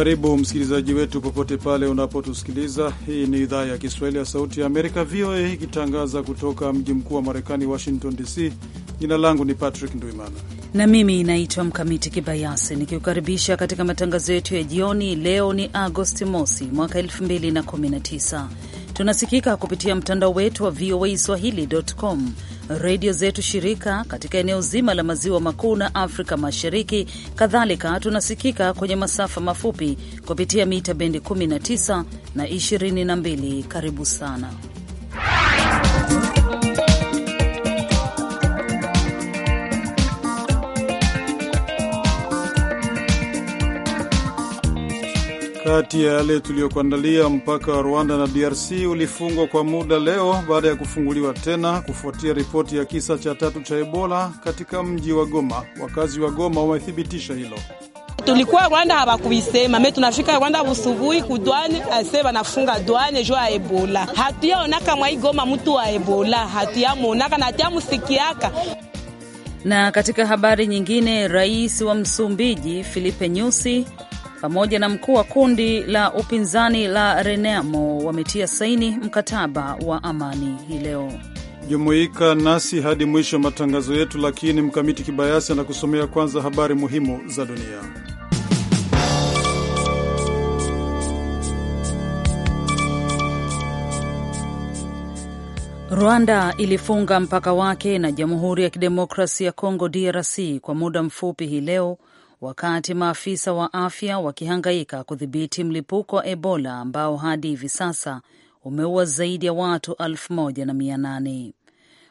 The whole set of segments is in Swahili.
Karibu msikilizaji wetu popote pale unapotusikiliza. Hii ni idhaa ya Kiswahili ya Sauti ya Amerika, VOA, ikitangaza kutoka mji mkuu wa Marekani, Washington DC. Jina langu ni Patrick Ndwimana na mimi naitwa Mkamiti Kibayasi, nikiukaribisha katika matangazo yetu ya jioni. Leo ni Agosti mosi mwaka 2019. Tunasikika kupitia mtandao wetu wa VOA swahili.com redio zetu shirika katika eneo zima la maziwa makuu na Afrika Mashariki. Kadhalika tunasikika kwenye masafa mafupi kupitia mita bendi 19 na 22. Karibu sana. Kati ya yale tuliyokuandalia, mpaka wa Rwanda na DRC ulifungwa kwa muda leo baada ya kufunguliwa tena kufuatia ripoti ya kisa cha tatu cha Ebola katika mji wa Goma. Wakazi wa Goma wamethibitisha hilo. Tulikuwa Rwanda hawakuisema me, tunafika Rwanda busubuhi kudwane ase banafunga dwane jo ya Ebola. Hatuyaonaka mwai Goma mtu wa Ebola, hatuyamonaka na hatuyamusikiaka. Na katika habari nyingine, rais wa Msumbiji Filipe Nyusi pamoja na mkuu wa kundi la upinzani la Renamo wametia saini mkataba wa amani hii leo. Jumuika nasi hadi mwisho wa matangazo yetu, lakini Mkamiti Kibayasi anakusomea kwanza habari muhimu za dunia. Rwanda ilifunga mpaka wake na Jamhuri ya Kidemokrasia ya Kongo DRC kwa muda mfupi hii leo wakati maafisa wa afya wakihangaika kudhibiti mlipuko wa Ebola ambao hadi hivi sasa umeua zaidi ya watu elfu moja na mia nane.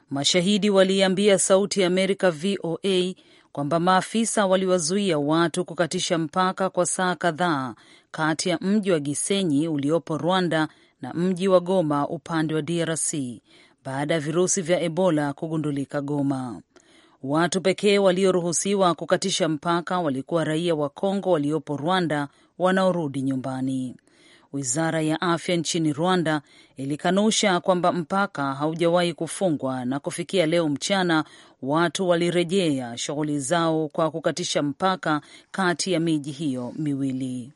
Mashahidi waliambia Sauti ya Amerika VOA kwamba maafisa waliwazuia watu kukatisha mpaka kwa saa kadhaa kati ya mji wa Gisenyi uliopo Rwanda na mji wa Goma upande wa DRC baada ya virusi vya Ebola kugundulika Goma. Watu pekee walioruhusiwa kukatisha mpaka walikuwa raia wa Kongo waliopo Rwanda wanaorudi nyumbani. Wizara ya afya nchini Rwanda ilikanusha kwamba mpaka haujawahi kufungwa na kufikia leo mchana watu walirejea shughuli zao kwa kukatisha mpaka kati ya miji hiyo miwili.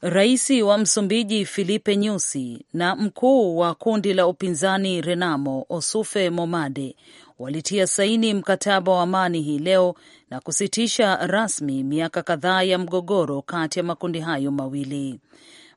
Rais wa Msumbiji Filipe Nyusi na mkuu wa kundi la upinzani Renamo Osufe Momade walitia saini mkataba wa amani hii leo na kusitisha rasmi miaka kadhaa ya mgogoro kati ya makundi hayo mawili.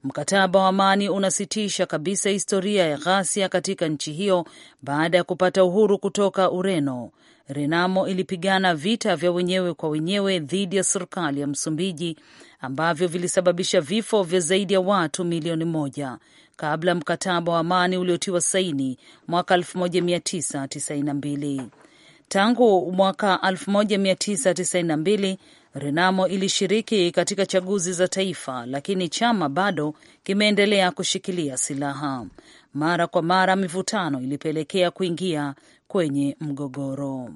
Mkataba wa amani unasitisha kabisa historia ya ghasia katika nchi hiyo baada ya kupata uhuru kutoka Ureno. Renamo ilipigana vita vya wenyewe kwa wenyewe dhidi ya serikali ya Msumbiji ambavyo vilisababisha vifo vya zaidi ya watu milioni moja kabla mkataba wa amani uliotiwa saini mwaka 1992. Tangu mwaka 1992 Renamo ilishiriki katika chaguzi za taifa, lakini chama bado kimeendelea kushikilia silaha. Mara kwa mara mivutano ilipelekea kuingia kwenye mgogoro.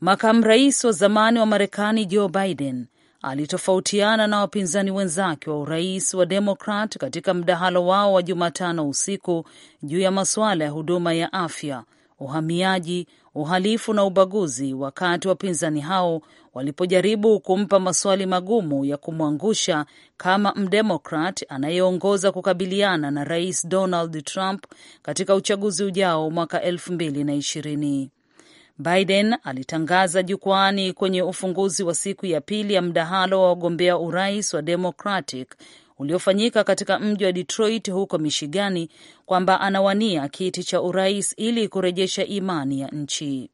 Makamu rais wa zamani wa Marekani Joe Biden alitofautiana na wapinzani wenzake wa urais wa Demokrat katika mdahalo wao wa Jumatano usiku juu ya masuala ya huduma ya afya, uhamiaji, uhalifu na ubaguzi, wakati wapinzani hao walipojaribu kumpa maswali magumu ya kumwangusha kama mdemokrat anayeongoza kukabiliana na Rais Donald Trump katika uchaguzi ujao mwaka elfu mbili na ishirini. Biden alitangaza jukwani kwenye ufunguzi wa siku ya pili ya mdahalo wa wagombea urais wa Democratic uliofanyika katika mji wa Detroit huko Michigani kwamba anawania kiti cha urais ili kurejesha imani ya nchi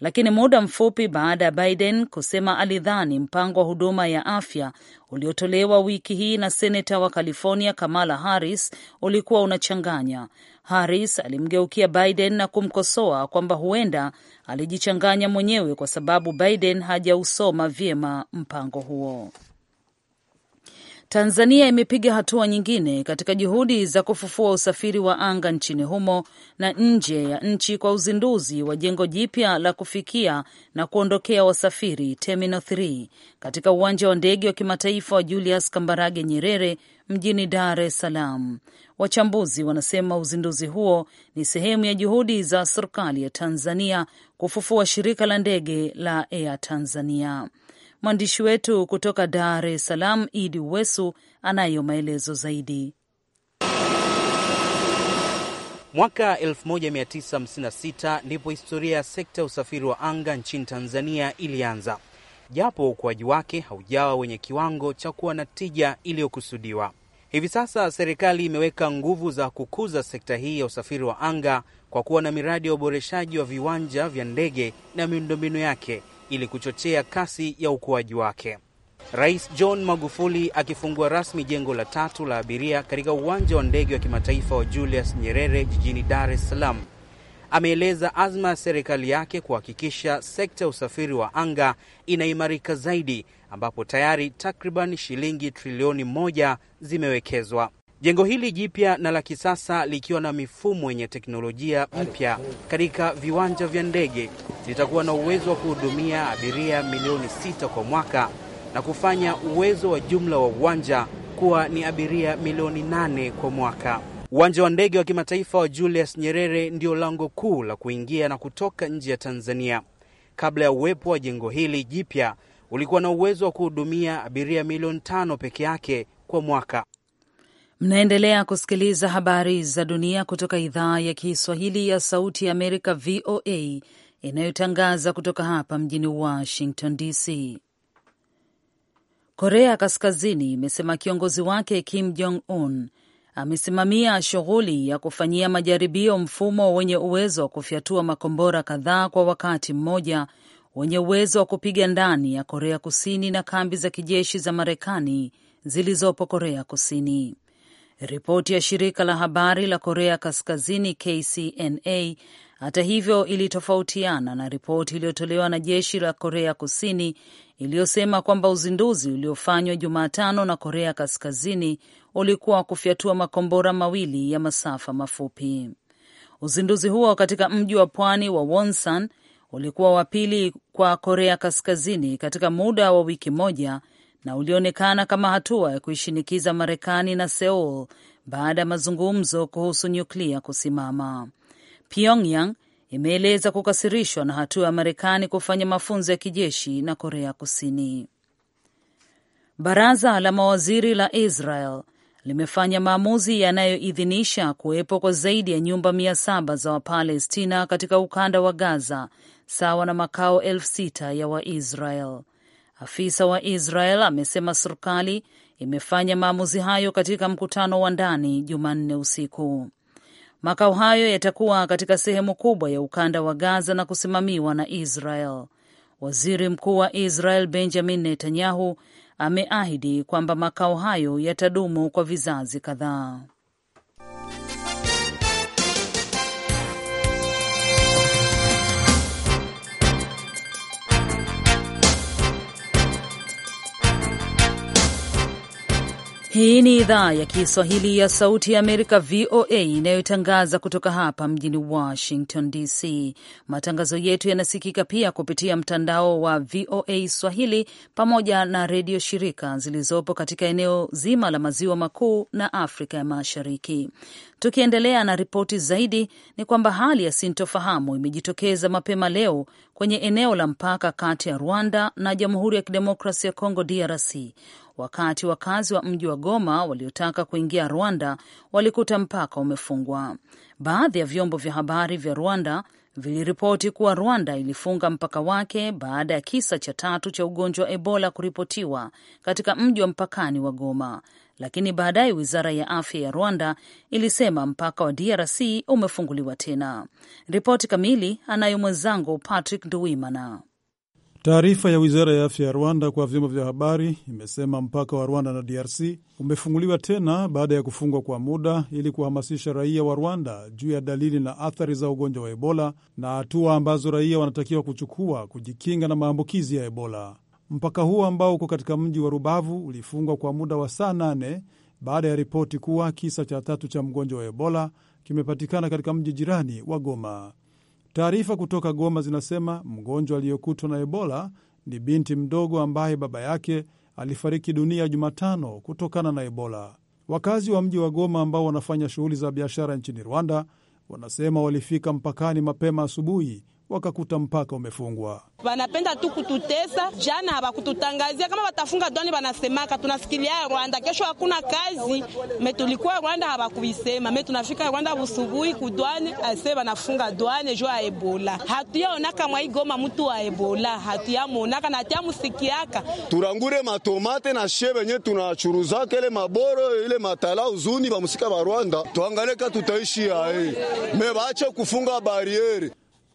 lakini muda mfupi baada ya Biden kusema alidhani mpango wa huduma ya afya uliotolewa wiki hii na seneta wa California Kamala Harris ulikuwa unachanganya. Harris alimgeukia Biden na kumkosoa kwamba huenda alijichanganya mwenyewe kwa sababu Biden hajausoma vyema mpango huo. Tanzania imepiga hatua nyingine katika juhudi za kufufua usafiri wa anga nchini humo na nje ya nchi kwa uzinduzi wa jengo jipya la kufikia na kuondokea wasafiri Terminal 3 katika uwanja wa ndege wa kimataifa wa Julius Kambarage Nyerere mjini Dar es Salaam. Wachambuzi wanasema uzinduzi huo ni sehemu ya juhudi za serikali ya Tanzania kufufua shirika la ndege la Air Tanzania. Mwandishi wetu kutoka Dar es Salaam, Idi Uwesu, anayo maelezo zaidi. Mwaka 1956 ndipo historia ya sekta ya usafiri wa anga nchini Tanzania ilianza, japo ukuaji wake haujawa wenye kiwango cha kuwa na tija iliyokusudiwa. Hivi sasa serikali imeweka nguvu za kukuza sekta hii ya usafiri wa anga kwa kuwa na miradi ya uboreshaji wa viwanja vya ndege na miundombinu yake ili kuchochea kasi ya ukuaji wake. Rais John Magufuli akifungua rasmi jengo la tatu la abiria katika uwanja wa ndege wa kimataifa wa Julius Nyerere jijini Dar es Salaam ameeleza azma ya serikali yake kuhakikisha sekta ya usafiri wa anga inaimarika zaidi, ambapo tayari takriban shilingi trilioni moja zimewekezwa. Jengo hili jipya na la kisasa likiwa na mifumo yenye teknolojia mpya katika viwanja vya ndege litakuwa na uwezo wa kuhudumia abiria milioni sita kwa mwaka na kufanya uwezo wa jumla wa uwanja kuwa ni abiria milioni nane kwa mwaka. Uwanja wa ndege wa kimataifa wa Julius Nyerere ndio lango kuu la kuingia na kutoka nje ya Tanzania. Kabla ya uwepo wa jengo hili jipya, ulikuwa na uwezo wa kuhudumia abiria milioni tano peke yake kwa mwaka. Mnaendelea kusikiliza habari za dunia kutoka idhaa ya Kiswahili ya Sauti ya Amerika, VOA, inayotangaza kutoka hapa mjini Washington DC. Korea Kaskazini imesema kiongozi wake Kim Jong Un amesimamia shughuli ya kufanyia majaribio mfumo wenye uwezo wa kufyatua makombora kadhaa kwa wakati mmoja wenye uwezo wa kupiga ndani ya Korea Kusini na kambi za kijeshi za Marekani zilizopo Korea Kusini. Ripoti ya shirika la habari la Korea Kaskazini KCNA hata hivyo ilitofautiana na ripoti iliyotolewa na jeshi la Korea Kusini iliyosema kwamba uzinduzi uliofanywa Jumatano na Korea Kaskazini ulikuwa wa kufyatua makombora mawili ya masafa mafupi. Uzinduzi huo katika mji wa pwani wa Wonsan ulikuwa wa pili kwa Korea Kaskazini katika muda wa wiki moja na ulionekana kama hatua ya kuishinikiza Marekani na Seoul baada ya mazungumzo kuhusu nyuklia kusimama. Pyongyang imeeleza kukasirishwa na hatua ya Marekani kufanya mafunzo ya kijeshi na Korea Kusini. Baraza la mawaziri la Israel limefanya maamuzi yanayoidhinisha kuwepo kwa zaidi ya nyumba mia saba za Wapalestina katika ukanda wa Gaza, sawa na makao elfu sita ya Waisrael. Afisa wa Israel amesema serikali imefanya maamuzi hayo katika mkutano wa ndani Jumanne usiku. Makao hayo yatakuwa katika sehemu kubwa ya ukanda wa Gaza na kusimamiwa na Israel. Waziri Mkuu wa Israel Benjamin Netanyahu ameahidi kwamba makao hayo yatadumu kwa vizazi kadhaa. Hii ni idhaa ya Kiswahili ya Sauti ya Amerika, VOA, inayotangaza kutoka hapa mjini Washington DC. Matangazo yetu yanasikika pia kupitia mtandao wa VOA Swahili pamoja na redio shirika zilizopo katika eneo zima la Maziwa Makuu na Afrika ya Mashariki. Tukiendelea na ripoti zaidi, ni kwamba hali ya sintofahamu imejitokeza mapema leo kwenye eneo la mpaka kati ya Rwanda na Jamhuri ya Kidemokrasi ya Kongo, DRC wakati wakazi wa mji wa Goma waliotaka kuingia Rwanda walikuta mpaka umefungwa. Baadhi ya vyombo vya habari vya Rwanda viliripoti kuwa Rwanda ilifunga mpaka wake baada ya kisa cha tatu cha ugonjwa wa Ebola kuripotiwa katika mji wa mpakani wa Goma, lakini baadaye wizara ya afya ya Rwanda ilisema mpaka wa DRC umefunguliwa tena. Ripoti kamili anayo mwenzangu Patrick Nduwimana. Taarifa ya wizara ya afya ya Rwanda kwa vyombo vya habari imesema mpaka wa Rwanda na DRC umefunguliwa tena baada ya kufungwa kwa muda ili kuhamasisha raia wa Rwanda juu ya dalili na athari za ugonjwa wa Ebola na hatua ambazo raia wanatakiwa kuchukua kujikinga na maambukizi ya Ebola. Mpaka huo ambao uko katika mji wa Rubavu ulifungwa kwa muda wa saa nane baada ya ripoti kuwa kisa cha tatu cha mgonjwa wa Ebola kimepatikana katika mji jirani wa Goma. Taarifa kutoka Goma zinasema mgonjwa aliyekutwa na Ebola ni binti mdogo ambaye baba yake alifariki dunia Jumatano kutokana na Ebola. Wakazi wa mji wa Goma ambao wanafanya shughuli za biashara nchini Rwanda wanasema walifika mpakani mapema asubuhi wakakuta mpaka umefungwa. Wanapenda tu kututesa. Jana hawakututangazia kama watafunga dwani, wanasemaka tunasikilia Rwanda, kesho hakuna kazi. Metulikuwa Rwanda hawakuisema, me tunafika Rwanda busubuhi kudwani, ase wanafunga dwani juu Ebola. Hatuyaonaka mwaigoma mtu wa Ebola, hatuyamonaka na hatuyamusikiaka. Turangure matomate na shie venye tunachuruzaka ile maboro ile matala uzuni bamusika ba Rwanda, tuangaleka tutaishi yae eh. me bache kufunga bariere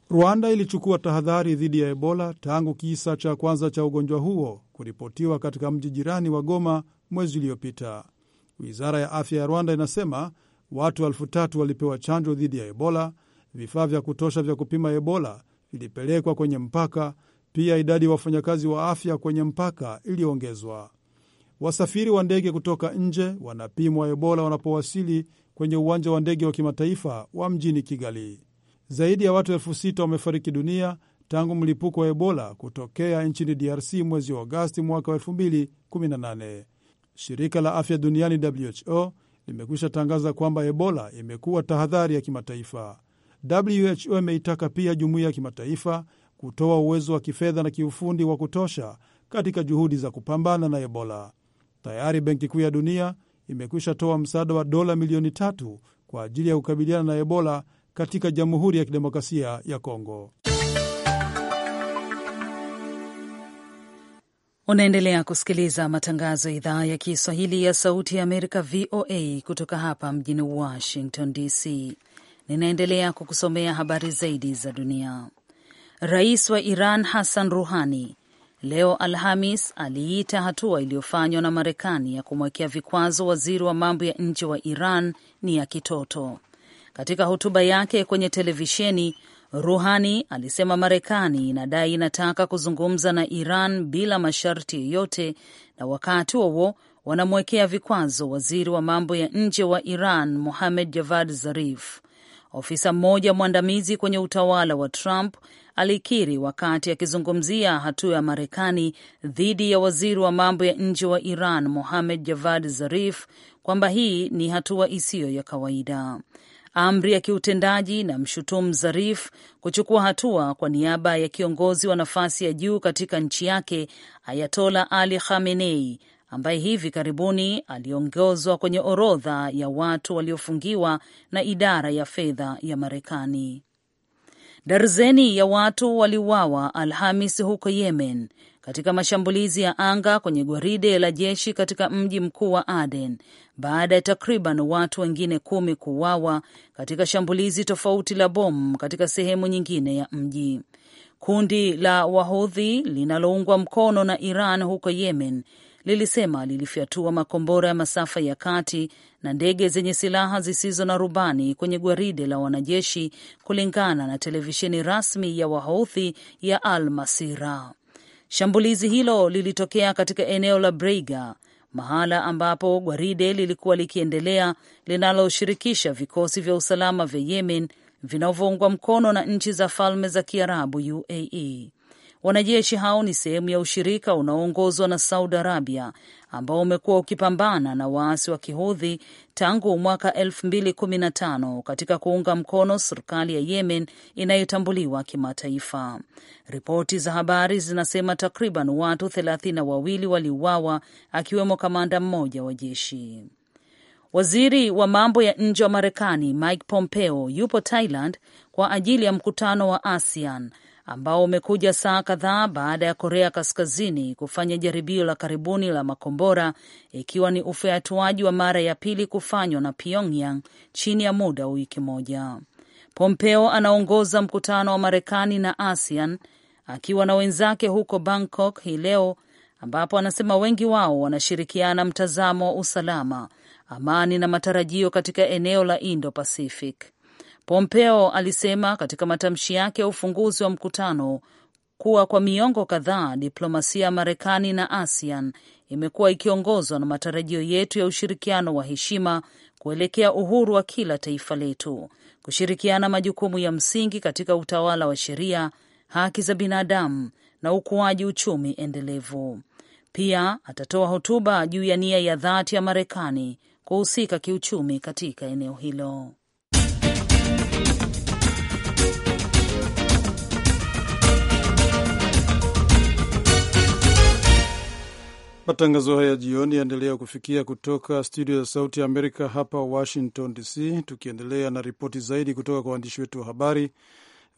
Rwanda ilichukua tahadhari dhidi ya Ebola tangu kisa cha kwanza cha ugonjwa huo kuripotiwa katika mji jirani wa Goma mwezi uliopita. Wizara ya afya ya Rwanda inasema watu elfu tatu walipewa chanjo dhidi ya Ebola. Vifaa vya kutosha vya kupima Ebola vilipelekwa kwenye mpaka. Pia idadi ya wafanyakazi wa afya kwenye mpaka iliongezwa. Wasafiri wa ndege kutoka nje wanapimwa Ebola wanapowasili kwenye uwanja wa ndege wa kimataifa wa mjini Kigali. Zaidi ya watu elfu sita wamefariki dunia tangu mlipuko wa Ebola kutokea nchini DRC mwezi wa Agasti mwaka wa 2018. Shirika la afya duniani WHO limekwisha tangaza kwamba Ebola imekuwa tahadhari ya kimataifa. WHO imeitaka pia jumuiya ya kimataifa kutoa uwezo wa kifedha na kiufundi wa kutosha katika juhudi za kupambana na Ebola. Tayari Benki Kuu ya Dunia imekwisha toa msaada wa dola milioni tatu kwa ajili ya kukabiliana na Ebola katika Jamhuri ya Kidemokrasia ya Kongo. Unaendelea kusikiliza matangazo ya idhaa ya Kiswahili ya Sauti ya Amerika, VOA, kutoka hapa mjini Washington DC. Ninaendelea kukusomea habari zaidi za dunia. Rais wa Iran Hassan Ruhani leo Alhamis aliita hatua iliyofanywa na Marekani ya kumwekea vikwazo waziri wa mambo ya nje wa Iran ni ya kitoto. Katika hotuba yake kwenye televisheni, Ruhani alisema Marekani inadai inataka kuzungumza na Iran bila masharti yoyote, na wakati huo wanamwekea vikwazo waziri wa mambo ya nje wa Iran Mohamed Javad Zarif. Ofisa mmoja mwandamizi kwenye utawala wa Trump alikiri wakati akizungumzia hatua ya Marekani dhidi ya waziri wa mambo ya nje wa Iran Mohamed Javad Zarif kwamba hii ni hatua isiyo ya kawaida amri ya kiutendaji na mshutumu Zarif kuchukua hatua kwa niaba ya kiongozi wa nafasi ya juu katika nchi yake Ayatola Ali Khamenei ambaye hivi karibuni aliongozwa kwenye orodha ya watu waliofungiwa na idara ya fedha ya Marekani. Darzeni ya watu waliuawa Alhamis huko Yemen katika mashambulizi ya anga kwenye gwaride la jeshi katika mji mkuu wa Aden baada ya takriban watu wengine kumi kuuawa katika shambulizi tofauti la bomu katika sehemu nyingine ya mji. Kundi la Wahudhi linaloungwa mkono na Iran huko Yemen lilisema lilifyatua makombora ya masafa ya kati na ndege zenye silaha zisizo na rubani kwenye gwaride la wanajeshi, kulingana na televisheni rasmi ya Wahouthi ya Al Masira. Shambulizi hilo lilitokea katika eneo la breiga mahala ambapo gwaride lilikuwa likiendelea linaloshirikisha vikosi vya usalama vya Yemen vinavyoungwa mkono na nchi za Falme za Kiarabu, UAE. Wanajeshi hao ni sehemu ya ushirika unaoongozwa na Saudi Arabia ambao umekuwa ukipambana na waasi wa kihudhi tangu mwaka 2015 katika kuunga mkono serikali ya Yemen inayotambuliwa kimataifa. Ripoti za habari zinasema takriban watu thelathini na wawili waliuawa akiwemo kamanda mmoja wa jeshi. Waziri wa mambo ya nje wa Marekani Mike Pompeo yupo Thailand kwa ajili ya mkutano wa ASEAN ambao umekuja saa kadhaa baada ya Korea Kaskazini kufanya jaribio la karibuni la makombora, ikiwa ni ufyatuaji wa mara ya pili kufanywa na Pyongyang chini ya muda wa wiki moja. Pompeo anaongoza mkutano wa Marekani na ASEAN akiwa na wenzake huko Bangkok hii leo, ambapo anasema wengi wao wanashirikiana mtazamo wa usalama, amani na matarajio katika eneo la Indo Pacific. Pompeo alisema katika matamshi yake ya ufunguzi wa mkutano kuwa kwa miongo kadhaa diplomasia ya Marekani na ASEAN imekuwa ikiongozwa na matarajio yetu ya ushirikiano wa heshima kuelekea uhuru wa kila taifa letu, kushirikiana majukumu ya msingi katika utawala wa sheria, haki za binadamu na ukuaji uchumi endelevu. Pia atatoa hotuba juu ya nia ya dhati ya Marekani kuhusika kiuchumi katika eneo hilo. Matangazo haya jioni yaendelea kufikia kutoka studio za Sauti ya Amerika hapa Washington DC, tukiendelea na ripoti zaidi kutoka kwa waandishi wetu wa habari.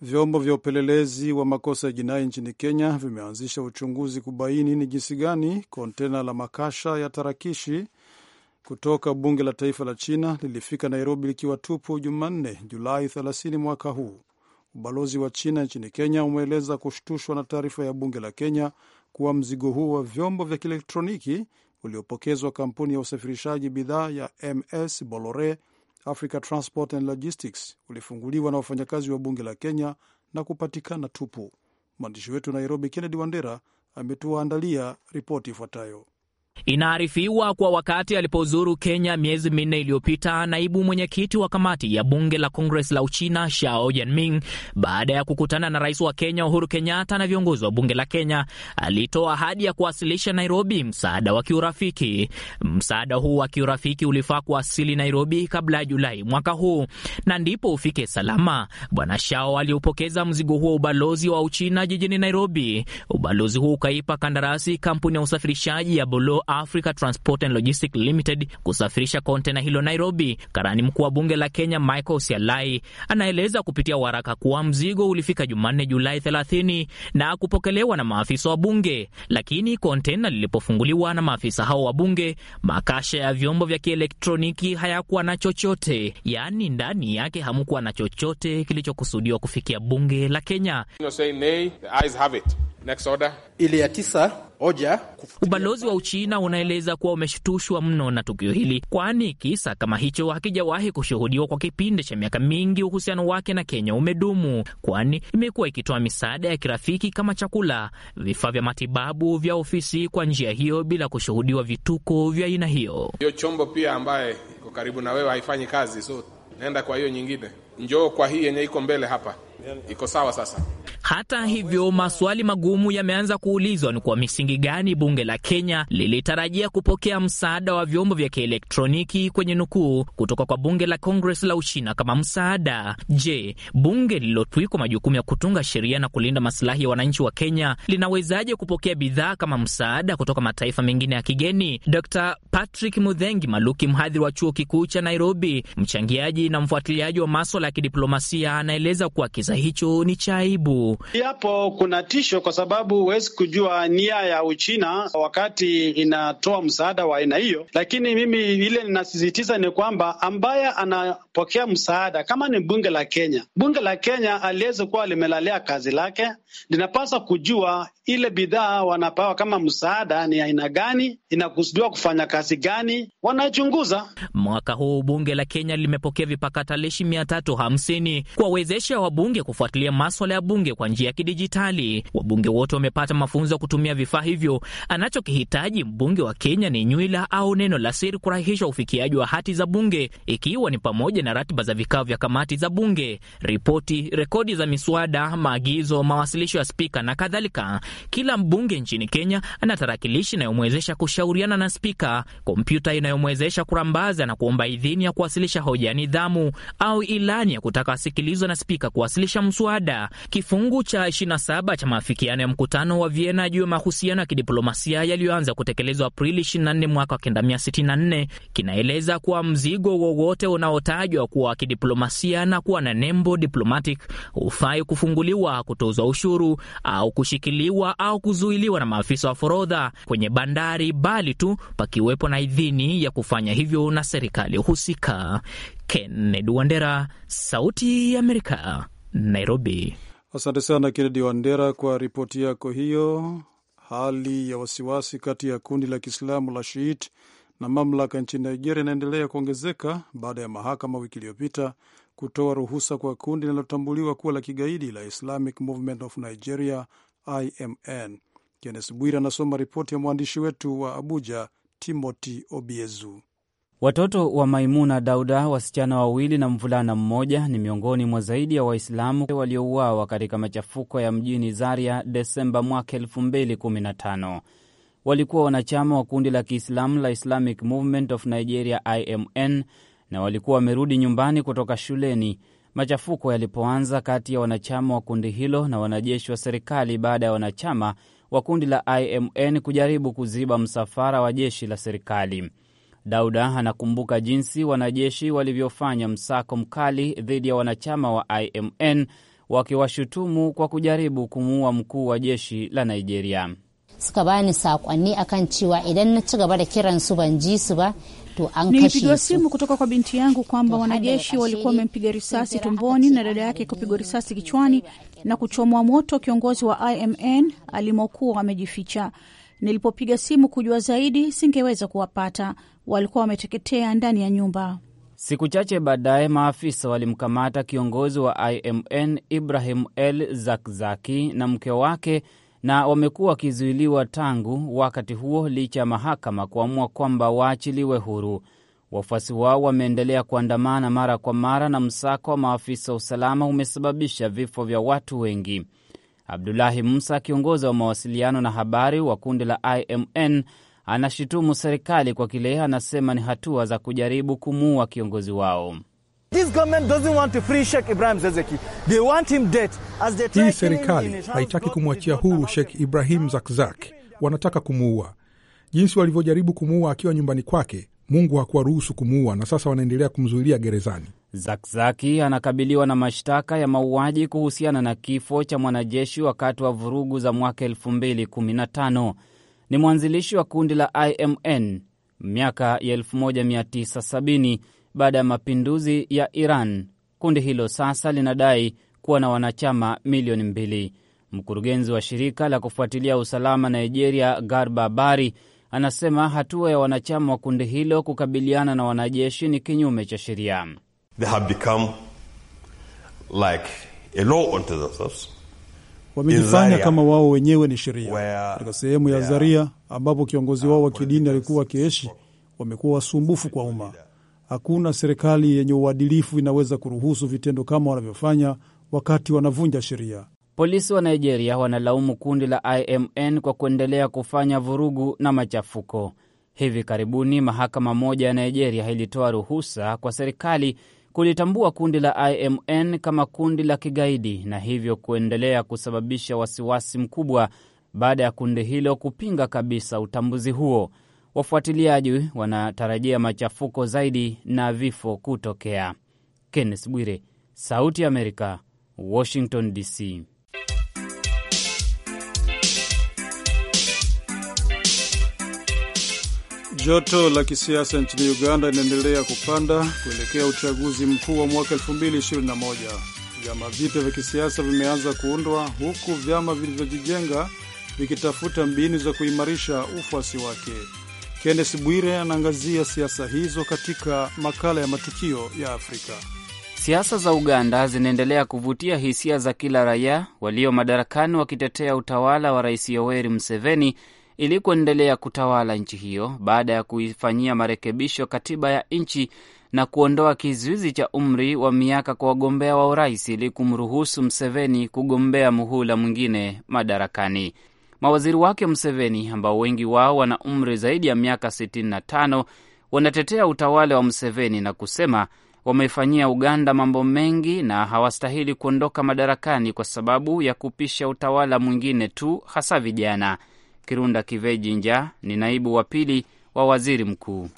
Vyombo vya upelelezi wa makosa ya jinai nchini Kenya vimeanzisha uchunguzi kubaini ni jinsi gani kontena la makasha ya tarakishi kutoka bunge la taifa la China lilifika Nairobi likiwa tupu Jumanne, Julai 30 mwaka huu. Ubalozi wa China nchini Kenya umeeleza kushtushwa na taarifa ya bunge la Kenya kuwa mzigo huo wa vyombo vya kielektroniki uliopokezwa kampuni ya usafirishaji bidhaa ya MS Bolore Africa Transport and Logistics ulifunguliwa na wafanyakazi wa bunge la Kenya na kupatikana tupu. Mwandishi wetu Nairobi, Kennedy Wandera ametuandalia ripoti ifuatayo. Inaarifiwa kwa wakati alipozuru Kenya miezi minne iliyopita, naibu mwenyekiti wa kamati ya bunge la Kongres la Uchina Shao Yanming, baada ya kukutana na rais wa Kenya Uhuru Kenyatta na viongozi wa bunge la Kenya, alitoa ahadi ya kuwasilisha Nairobi msaada wa kiurafiki. Msaada huu wa kiurafiki ulifaa kuwasili Nairobi kabla ya Julai mwaka huu na ndipo ufike salama. Bwana Shao aliupokeza mzigo huo ubalozi wa Uchina jijini Nairobi. Ubalozi huu ukaipa kandarasi kampuni ya usafirishaji ya Bolo Africa Transport and Logistic Limited kusafirisha kontena hilo Nairobi. Karani mkuu wa bunge la Kenya Michael Sialai anaeleza kupitia waraka kuwa mzigo ulifika Jumanne Julai 30 na kupokelewa na maafisa wa bunge, lakini kontena lilipofunguliwa na maafisa hao wa bunge, makasha ya vyombo vya kielektroniki hayakuwa na chochote, yaani ndani yake hamukuwa na chochote kilichokusudiwa kufikia bunge la Kenya. You know, Next order. Ile ya tisa, Ubalozi wa Uchina unaeleza kuwa umeshtushwa mno na tukio hili, kwani kisa kama hicho hakijawahi kushuhudiwa kwa kipindi cha miaka mingi. Uhusiano wake na Kenya umedumu, kwani imekuwa ikitoa misaada ya kirafiki kama chakula, vifaa vya matibabu, vya ofisi kwa njia hiyo, bila kushuhudiwa vituko vya aina hiyo. Hiyo chombo pia ambaye iko karibu na wewe haifanyi kazi, so naenda kwa hiyo nyingine, njoo kwa hii yenye iko mbele hapa iko sawa sasa. Hata hivyo, maswali magumu yameanza kuulizwa ni kwa misingi gani bunge la Kenya lilitarajia kupokea msaada wa vyombo vya kielektroniki kwenye nukuu kutoka kwa bunge la Congress la Uchina kama msaada. Je, bunge lililotwikwa majukumu ya kutunga sheria na kulinda masilahi ya wananchi wa Kenya linawezaje kupokea bidhaa kama msaada kutoka mataifa mengine ya kigeni? Dr. Patrick Mudhengi Maluki, mhadhiri wa chuo kikuu cha Nairobi, mchangiaji na mfuatiliaji wa maswala ya kidiplomasia, anaeleza kuwa kisa hicho ni cha aibu. Yapo kuna tisho, kwa sababu huwezi kujua nia ya Uchina wakati inatoa msaada wa aina hiyo, lakini mimi ile ninasisitiza ni kwamba ambaye anapokea msaada kama ni bunge la Kenya, bunge la Kenya aliweza kuwa limelalea kazi lake, linapaswa kujua ile bidhaa wanapewa kama msaada ni aina gani, inakusudiwa kufanya kazi gani, wanachunguza. Mwaka huu bunge la Kenya limepokea vipakatalishi mia tatu hamsini kuwawezesha wabunge kufuatilia maswala ya bunge kwa njia ya kidijitali. Wabunge wote wamepata mafunzo ya kutumia vifaa hivyo. Anachokihitaji mbunge wa Kenya ni nywila au neno la siri kurahisisha ufikiaji wa hati za bunge, ikiwa ni pamoja na ratiba za vikao vya kamati za bunge, ripoti, rekodi za miswada, maagizo, mawasilisho ya spika na kadhalika. Kila mbunge nchini Kenya ana tarakilishi inayomwezesha kushauriana na spika, kompyuta inayomwezesha kurambaza na kuomba idhini ya kuwasilisha hoja ya nidhamu au ilani ya kutaka asikilizwe na spika kuwasilisha kuwasilisha mswada kifungu cha 27 cha maafikiano ya mkutano wa Vienna juu ya mahusiano ya kidiplomasia yaliyoanza kutekelezwa Aprili 24 mwaka 1964 kinaeleza kuwa mzigo wowote unaotajwa kuwa kidiplomasia na kuwa na nembo diplomatic hufai kufunguliwa, kutozwa ushuru au kushikiliwa au kuzuiliwa na maafisa wa forodha kwenye bandari, bali tu pakiwepo na idhini ya kufanya hivyo na serikali husika. Kennedy Wandera, Sauti ya Amerika, Nairobi. Asante sana Kennedy Wandera kwa ripoti yako hiyo. Hali ya wasiwasi kati ya kundi la Kiislamu la Shiit na mamlaka nchini Nigeria inaendelea kuongezeka baada ya mahakama wiki iliyopita kutoa ruhusa kwa kundi linalotambuliwa kuwa la kigaidi la Islamic Movement of Nigeria, IMN. Kennes Bwire anasoma ripoti ya mwandishi wetu wa Abuja, Timothy Obiezu. Watoto wa Maimuna Dauda, wasichana wawili na mvulana mmoja, ni miongoni mwa zaidi ya Waislamu waliouawa katika machafuko ya mjini Zaria Desemba mwaka 2015. Walikuwa wanachama wa kundi la Kiislamu la Islamic Movement of Nigeria, IMN, na walikuwa wamerudi nyumbani kutoka shuleni machafuko yalipoanza kati ya wanachama wa kundi hilo na wanajeshi wa serikali baada ya wanachama wa kundi la IMN kujaribu kuziba msafara wa jeshi la serikali. Dauda anakumbuka jinsi wanajeshi walivyofanya msako mkali dhidi ya wanachama wa IMN wakiwashutumu kwa kujaribu kumuua mkuu wa jeshi la Nigeria. Suka bani sakonni akan cewa idan na ci da kiransu ban ji su ba Nilipigiwa simu kutoka kwa binti yangu kwamba wanajeshi walikuwa wamempiga risasi tumboni na dada yake kupigwa risasi kichwani na kuchomwa moto kiongozi wa IMN alimokuwa amejificha. Nilipopiga simu kujua zaidi, singeweza kuwapata, walikuwa wameteketea ndani ya nyumba. Siku chache baadaye maafisa walimkamata kiongozi wa IMN Ibrahim El Zakzaki na mke wake na wamekuwa wakizuiliwa tangu wakati huo, licha ya mahakama kuamua kwamba waachiliwe huru. Wafuasi wao wameendelea kuandamana mara kwa mara na msako wa maafisa wa usalama umesababisha vifo vya watu wengi. Abdulahi Musa, kiongozi wa mawasiliano na habari wa kundi la IMN, anashutumu serikali kwa kile anasema ni hatua za kujaribu kumuua kiongozi wao. Hii serikali haitaki kumwachia huru Sheikh Ibrahim Zakzak, wanataka kumuua. Jinsi walivyojaribu kumuua akiwa nyumbani kwake, Mungu hakuwaruhusu kumuua, na sasa wanaendelea kumzuilia gerezani. Zakzaki anakabiliwa na mashtaka ya mauaji kuhusiana na kifo cha mwanajeshi wakati wa vurugu za mwaka 2015. Ni mwanzilishi wa kundi la IMN miaka ya 1970 baada ya mapinduzi ya Iran. Kundi hilo sasa linadai kuwa na wanachama milioni mbili. Mkurugenzi wa shirika la kufuatilia usalama Nigeria, Garba Bari, anasema hatua ya wanachama wa kundi hilo kukabiliana na wanajeshi ni kinyume cha sheria. Wamejifanya kama wao wenyewe ni sheria katika sehemu ya Zaria ambapo kiongozi wao wa kidini alikuwa akiishi. Wamekuwa wasumbufu kwa umma Hakuna serikali yenye uadilifu inaweza kuruhusu vitendo kama wanavyofanya wakati wanavunja sheria. Polisi wa Nigeria wanalaumu kundi la IMN kwa kuendelea kufanya vurugu na machafuko. Hivi karibuni mahakama moja ya Nigeria ilitoa ruhusa kwa serikali kulitambua kundi la IMN kama kundi la kigaidi na hivyo kuendelea kusababisha wasiwasi mkubwa baada ya kundi hilo kupinga kabisa utambuzi huo wafuatiliaji wanatarajia machafuko zaidi na vifo kutokea. Kenneth Bwire, Sauti ya Amerika, Washington DC. Joto la kisiasa nchini Uganda linaendelea kupanda kuelekea uchaguzi mkuu wa mwaka 2021. Vyama vipya vya kisiasa vimeanza kuundwa huku vyama vilivyojijenga vikitafuta mbinu za kuimarisha ufuasi wake. Kennes Bwire anaangazia siasa hizo katika makala ya matukio ya Afrika. Siasa za Uganda zinaendelea kuvutia hisia za kila raia, walio madarakani wakitetea utawala wa Rais Yoweri Museveni ili kuendelea kutawala nchi hiyo baada ya kuifanyia marekebisho katiba ya nchi na kuondoa kizuizi cha umri wa miaka kwa wagombea wa urais ili kumruhusu Mseveni kugombea muhula mwingine madarakani. Mawaziri wake Mseveni, ambao wengi wao wana umri zaidi ya miaka 65, wanatetea utawala wa Mseveni na kusema wamefanyia Uganda mambo mengi na hawastahili kuondoka madarakani kwa sababu ya kupisha utawala mwingine tu, hasa vijana. Kirunda Kivejinja ni naibu wa pili wa waziri mkuu.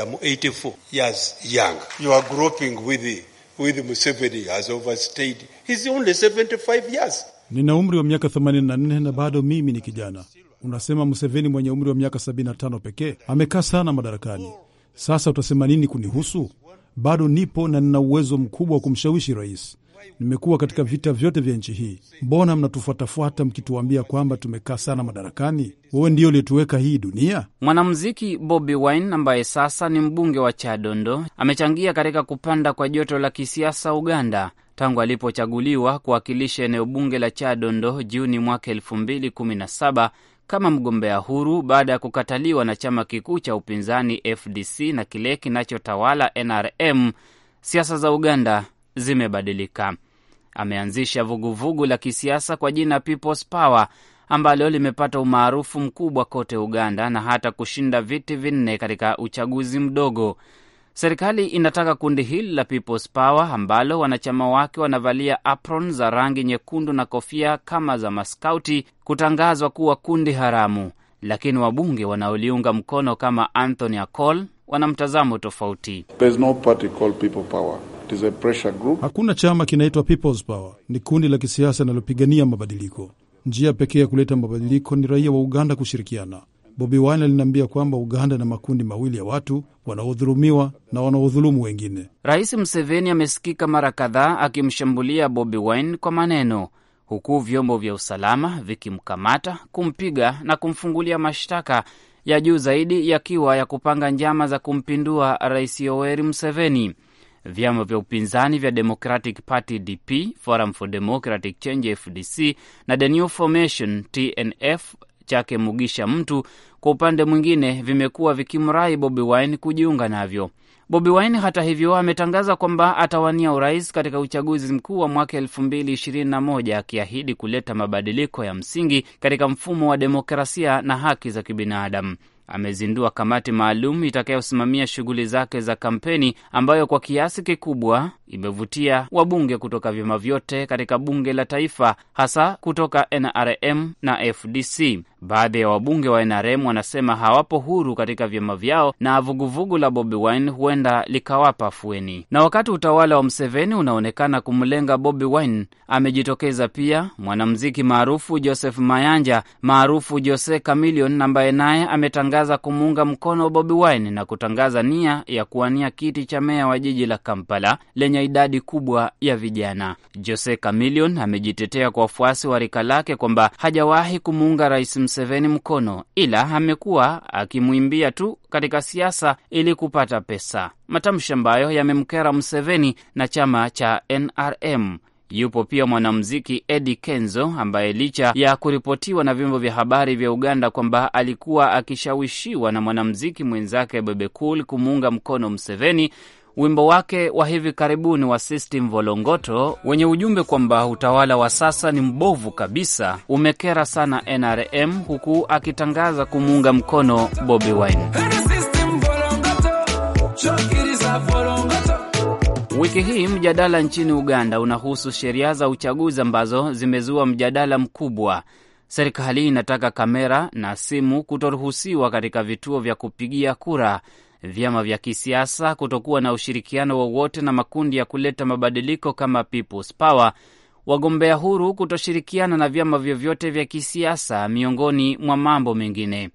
Nina umri wa miaka 84 na bado mimi ni kijana. Unasema Museveni mwenye umri wa miaka 75 pekee amekaa sana madarakani. Sasa utasema nini kunihusu? Bado nipo na nina uwezo mkubwa wa kumshawishi rais. Nimekuwa katika vita vyote vya nchi hii. Mbona mnatufuatafuata mkituambia kwamba tumekaa sana madarakani? Wewe ndio uliotuweka hii dunia. Mwanamuziki Bobi Wine ambaye sasa ni mbunge wa Chadondo amechangia katika kupanda kwa joto la kisiasa Uganda, tangu alipochaguliwa kuwakilisha eneo bunge la Chadondo Juni mwaka 217 kama mgombea huru baada ya kukataliwa na chama kikuu cha upinzani FDC na kile kinachotawala NRM. Siasa za Uganda zimebadilika. Ameanzisha vuguvugu la kisiasa kwa jina People's Power ambalo limepata umaarufu mkubwa kote Uganda na hata kushinda viti vinne katika uchaguzi mdogo. Serikali inataka kundi hili la People's Power ambalo wanachama wake wanavalia apron za rangi nyekundu na kofia kama za maskauti kutangazwa kuwa kundi haramu, lakini wabunge wanaoliunga mkono kama Anthony Acol wana mtazamo tofauti. hakuna chama kinaitwa People's Power, ni kundi la kisiasa linalopigania mabadiliko. Njia pekee ya kuleta mabadiliko ni raia wa Uganda kushirikiana Bobi Wine aliniambia kwamba Uganda na makundi mawili ya watu wanaodhulumiwa na wanaodhulumu wengine. Rais Museveni amesikika mara kadhaa akimshambulia Bobi Wine kwa maneno, huku vyombo vya usalama vikimkamata, kumpiga na kumfungulia mashtaka ya juu zaidi yakiwa ya kupanga njama za kumpindua Rais Yoweri Museveni. Vyama vya upinzani vya Democratic Party DP, Forum for Democratic Change FDC na The New Formation TNF chake Mugisha Mtu kwa upande mwingine vimekuwa vikimrai Bobi Wine kujiunga navyo. Bobi Wine hata hivyo ametangaza kwamba atawania urais katika uchaguzi mkuu wa mwaka elfu mbili ishirini na moja akiahidi kuleta mabadiliko ya msingi katika mfumo wa demokrasia na haki za kibinadamu. Amezindua kamati maalum itakayosimamia shughuli zake za kampeni ambayo kwa kiasi kikubwa imevutia wabunge kutoka vyama vyote katika bunge la taifa, hasa kutoka NRM na FDC. Baadhi ya wabunge wa NRM wanasema hawapo huru katika vyama vyao na vuguvugu la Bobi Wine huenda likawapa afueni. Na wakati utawala wa Mseveni unaonekana kumlenga Bobi Wine, amejitokeza pia mwanamuziki maarufu Joseph Mayanja maarufu Jose Chameleone, ambaye naye ametangaza kumuunga mkono Bobi Wine na kutangaza nia ya kuwania kiti cha meya wa jiji la Kampala lenye kwenye idadi kubwa ya vijana. Jose Chameleon amejitetea kwa wafuasi wa rika lake kwamba hajawahi kumuunga Rais Museveni mkono, ila amekuwa akimwimbia tu katika siasa ili kupata pesa, matamshi ambayo yamemkera Museveni na chama cha NRM. Yupo pia mwanamuziki Eddie Kenzo ambaye licha ya kuripotiwa na vyombo vya habari vya Uganda kwamba alikuwa akishawishiwa na mwanamuziki mwenzake Bebe Cool kumuunga mkono mseveni wimbo wake wa hivi karibuni wa System Volongoto wenye ujumbe kwamba utawala wa sasa ni mbovu kabisa umekera sana NRM, huku akitangaza kumuunga mkono Bobi Wine. Wiki hii mjadala nchini Uganda unahusu sheria za uchaguzi ambazo zimezua mjadala mkubwa. Serikali inataka kamera na simu kutoruhusiwa katika vituo vya kupigia kura vyama vya kisiasa kutokuwa na ushirikiano wowote na makundi ya kuleta mabadiliko kama People's Power, wagombea huru kutoshirikiana na vyama vyovyote vya kisiasa, miongoni mwa mambo mengine.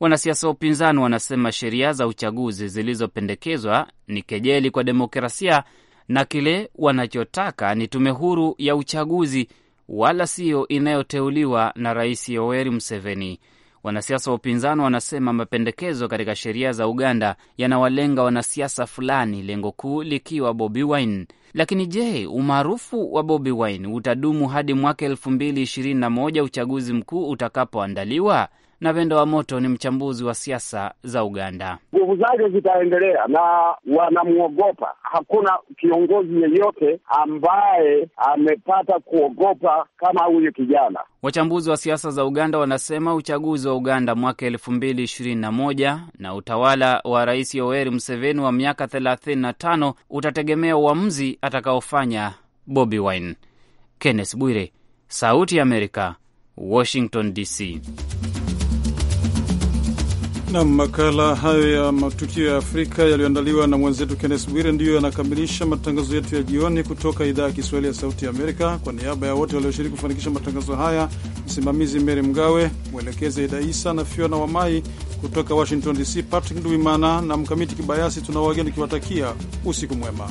Wanasiasa wa upinzani wanasema sheria za uchaguzi zilizopendekezwa ni kejeli kwa demokrasia na kile wanachotaka ni tume huru ya uchaguzi, wala siyo inayoteuliwa na Rais Yoweri Museveni. Wanasiasa wa upinzani wanasema mapendekezo katika sheria za Uganda yanawalenga wanasiasa fulani, lengo kuu likiwa Bobi Wine. Lakini je, umaarufu wa Bobi Wine utadumu hadi mwaka elfu mbili ishirini na moja uchaguzi mkuu utakapoandaliwa? na Vendo wa Moto ni mchambuzi wa siasa za Uganda. Nguvu zake zitaendelea na wanamwogopa. Hakuna kiongozi yeyote ambaye amepata kuogopa kama huyu kijana. Wachambuzi wa siasa za Uganda wanasema uchaguzi wa Uganda mwaka elfu mbili ishirini na moja na utawala wa Rais Yoweri Museveni wa miaka thelathini na tano utategemea uamuzi atakaofanya Bobi Wine. Kenneth Bwire, Sauti ya Amerika, Washington DC. Nam, makala hayo ya matukio ya Afrika yaliyoandaliwa na mwenzetu Kennes Bwire ndiyo yanakamilisha matangazo yetu ya jioni kutoka idhaa ya Kiswahili ya Sauti ya Amerika. Kwa niaba ya wote walioshiriki kufanikisha matangazo haya, msimamizi Meri Mgawe, mwelekezi Aida Isa na Fiona Wamai kutoka Washington DC, Patrick Duimana na Mkamiti Kibayasi, tuna wageni tukiwatakia usiku mwema.